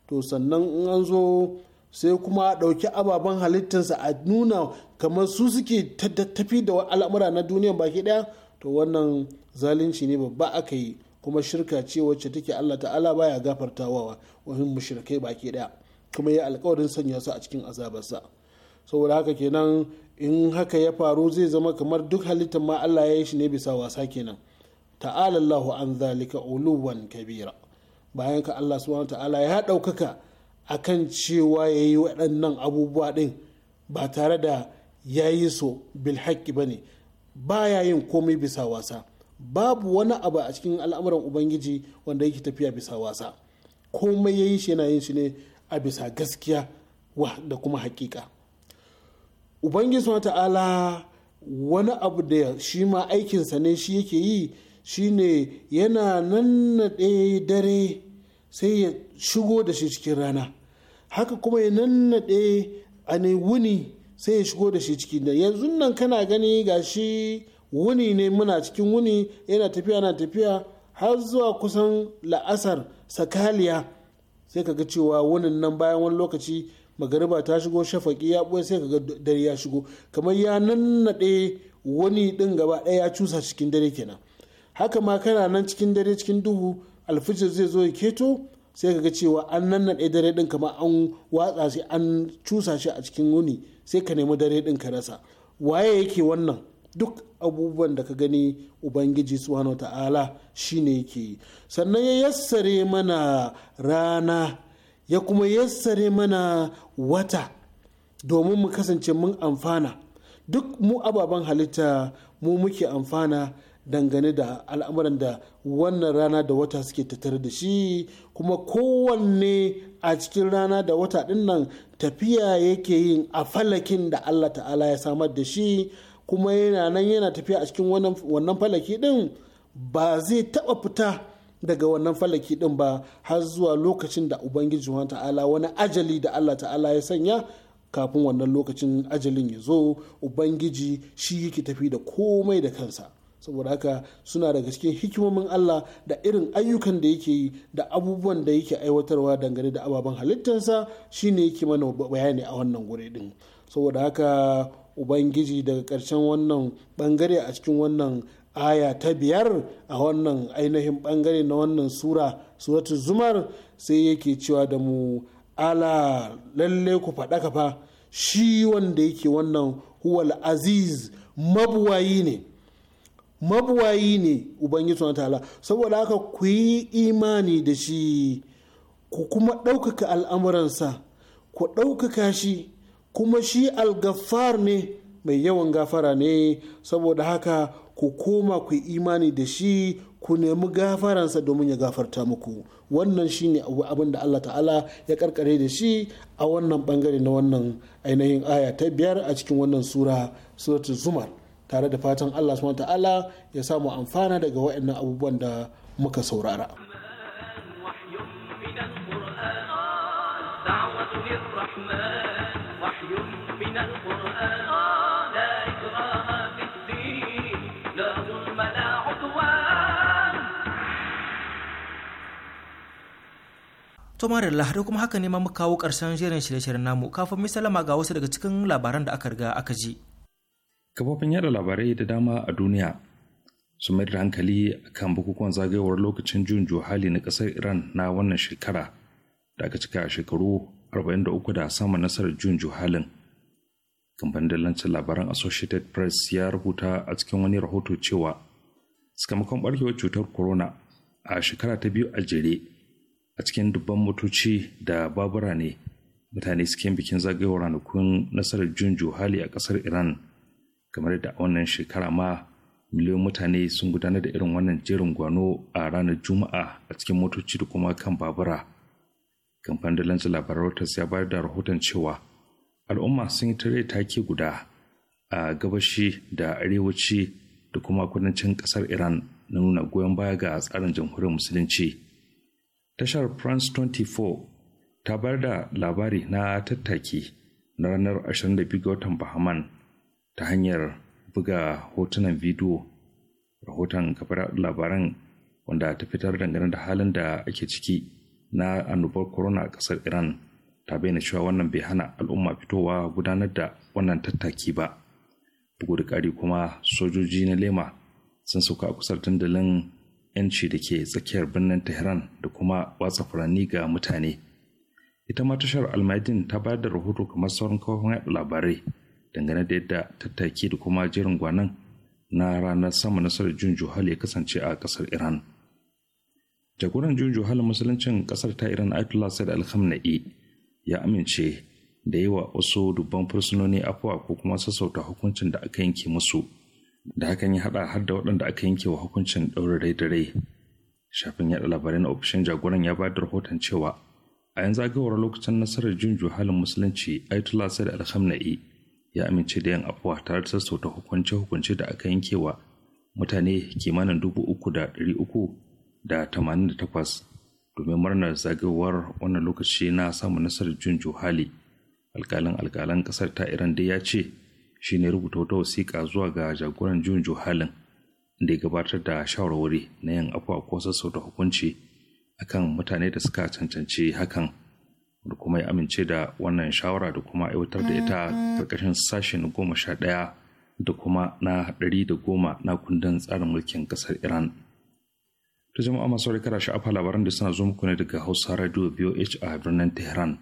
Speaker 11: to sannan in an zo sai kuma a ɗauki ababen halittarsa a nuna kamar su suke tafi da al'amura na duniyan baki ɗaya to wannan zalunci ne babba aka yi kuma shirka ce wacce take Allah ta'ala baya gafartawa wa mushrikai baki ɗaya kuma ya alkawarin sanya su a cikin azabarsa saboda haka kenan in haka ya faru zai zama kamar duk halittar ma Allah ya yi shi ne bisa wasa kenan ta'ala Allahu an zalika uluwan kabira bayan ka Allah subhanahu ta'ala ya ɗaukaka kan cewa ya yi waɗannan abubuwa ɗin ba tare da ya yi so bil ba ne ba ya yin komai bisa wasa babu wani abu a cikin al'amuran ubangiji wanda yake tafiya bisa wasa komai ya yi shi yana yin shi ne a bisa gaskiya da kuma haƙiƙa ubangiji wa ta'ala wani abu da shi ma aikinsa ne shi yake yi shine yana nannaɗe dare sai ya shigo da shi cikin rana haka kuma ya nannaɗe a ne wuni sai ya shigo da shi cikin dare yanzu nan kana gani ga shi wuni ne muna cikin wuni yana tafiya na tafiya har zuwa kusan la'asar sakaliya sai ka ga cewa wunin nan bayan wani lokaci magariba ta shigo shafaki ya ɓoye sai kaga dare ya shigo kamar ya nannaɗe wani ɗin gaba ɗaya ya cusa cikin dare kenan haka ma kana nan cikin dare cikin duhu alfijir zai zo ya keto sai kaga cewa an nannaɗe dare din kamar an watsa shi an cusa shi a cikin wuni sai ka nemi dare din ka rasa waye yake wannan duk abubuwan da ka gani ubangiji subhanahu ta'ala shine yake sannan ya yassare mana rana ya kuma yassare mana wata domin mu kasance mun amfana duk mu ababen halitta mu muke amfana dangane da al'amuran da wannan rana da wata suke tattare da shi kuma kowanne a cikin rana da wata dinnan tafiya yake yin a falakin da Allah ta'ala ya samar da shi kuma yana nan yana tafiya a cikin wannan falaki din ba zai taba fita daga wannan falaki din ba har zuwa lokacin da ubangiji wa ta'ala wani ajali da allah ta'ala ya sanya kafin wannan lokacin ajalin ya zo ubangiji shi yake tafi da komai da kansa saboda haka suna daga cikin hikimomin Allah da irin ayyukan da yake yi da abubuwan da yake aiwatarwa dangane da ababen halittarsa shine yake mana bayani a wannan guri din saboda haka ubangiji daga karshen wannan bangare a cikin wannan aya ta biyar a wannan ainihin bangare na wannan sura suratul zumar sai yake cewa da mu ala lalle ku faɗa fa shi wanda yake wannan huwal aziz mabuwayi ne mabuwayi ne ubangiji na ta'ala saboda haka ku yi imani da shi ku kuma ɗaukaka al'amuransa ku ɗaukaka shi kuma shi algafar ne mai yawan gafara ne saboda haka ku koma ku imani da shi ku nemi gafaransa domin ya gafarta muku wannan shine abin da Allah ta'ala ya karkare da shi a wannan bangare na wannan ainihin aya ta biyar a cikin wannan sura suratul zumar tare da fatan Allah subhanahu ta'ala ya samu amfana daga waɗannan abubuwan da muka saurara
Speaker 3: to marilla da kuma haka ne ma muka kawo karshen jerin shirye-shiryen namu kafin mu salama ga wasu daga cikin labaran da aka riga aka ji
Speaker 4: kafofin yada labarai da dama a duniya su mayar da hankali kan bukukuwan zagayowar lokacin jun hali na ƙasar iran na wannan shekara da aka cika a shekaru 43 da sama nasarar jun halin kamfanin dalancin labaran associated press ya rubuta a cikin wani rahoto cewa sakamakon barkewar cutar corona a shekara ta biyu a jere a cikin dubban motoci da babura ne mutane suke bikin zagayowar ranakun nasarar jun hali a kasar iran kamar da wannan shekara ma miliyan mutane sun gudanar da irin wannan jerin gwano a ranar juma'a a cikin motoci da kuma kan babura kamfanin dalancin labarar reuters ya bayar da rahoton cewa al'umma sun yi tare take guda a gabashi da arewaci da kuma kudancin kasar iran na nuna goyon baya ga tsarin jamhuriyar musulunci tashar france 24 ta bar da labari na tattaki na ranar 22 ga watan bahaman ta hanyar buga hotunan bidiyo rahoton kafar labaran wanda ta fitar dangane da halin da ake ciki na annobar corona a ƙasar iran ta bayyana cewa wannan bai hana al'umma fitowa gudanar da wannan tattaki ba bugu da ƙari kuma sojoji na lema sun sauka a kusar dandalin 'yanci da ke tsakiyar birnin tehran da kuma watsa furanni ga mutane ita ma tashar almadin ta bayar da rahoto kamar sauran kafofin yaɗa labarai dangane da yadda tattaki da kuma jirin gwanan na ranar sama nasarar jun juhal ya kasance a ƙasar iran jagoran jun juhal musuluncin ƙasar ta iran ayatollah said al ya amince da yi wa wasu dubban fursunoni afuwa ko kuma sassauta hukuncin da aka yanke musu da hakan ya haɗa har da waɗanda aka yanke wa hukuncin ɗaurin rai da rai shafin yaɗa labarai na ofishin jagoran ya ba da rahoton cewa a yanzu zagayowar lokacin nasarar jin halin musulunci ayatollah said alhamna'i ya amince da yin afuwa tare da sassauta hukunce-hukunce da aka yanke wa mutane kimanin dubu uku da ɗari uku da tamanin da takwas domin murnar zagayowar wannan lokaci na samun nasarar jin hali. alkalin alkalan ƙasar ta iran dai ya ce Shi ne rubuta wata wasiƙa zuwa ga jagoran juyin juhalin da ya gabatar da shawarwari na yin akwa ko sassauta hukunci akan mutane da suka cancanci hakan da kuma ya amince da wannan shawara da kuma aiwatar da ita mm-hmm. ƙarƙashin sashe na goma sha ɗaya da kuma na ɗari da goma na kundin tsarin mulkin ƙasar iran ta jama'a masu rikara sha'afa labaran da suna zo muku ne daga hausa radio boh a birnin tehran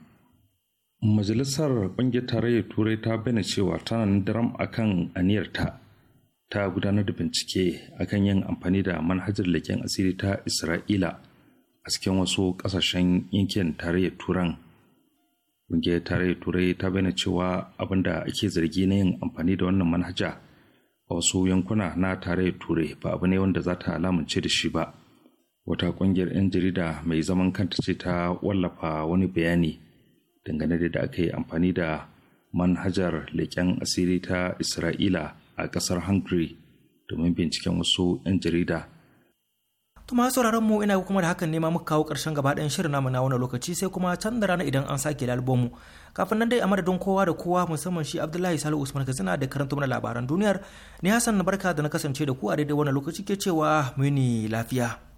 Speaker 4: majalisar ƙungiyar tarayyar turai ta bayyana cewa tana daram akan aniyarta ta gudanar da bincike akan yin amfani da manhajar leƙen asiri ta isra'ila a cikin wasu ƙasashen yankin tarayyar turan ƙungiyar tarayyar turai ta bayyana cewa abinda ake zargi na yin amfani da wannan manhaja a wasu yankuna na tarayyar turai ba abu ne wanda za ta lamunce da shi ba wata ƙungiyar 'yan jarida mai zaman kanta ce ta wallafa wani bayani dangane da da aka yi amfani da manhajar leƙen asiri ta isra'ila a ƙasar hungary domin binciken wasu 'yan jarida
Speaker 3: kuma sauraron mu ina kuma da hakan nema muka kawo ƙarshen gaba ɗayan shirin namu na wani lokaci sai kuma can da rana idan an sake lalbomu kafin nan dai a madadin kowa da kowa musamman shi abdullahi salu usman kazina da karanta mana labaran duniyar ni hassan na barka da na kasance da ku a daidai wani lokaci ke cewa muni lafiya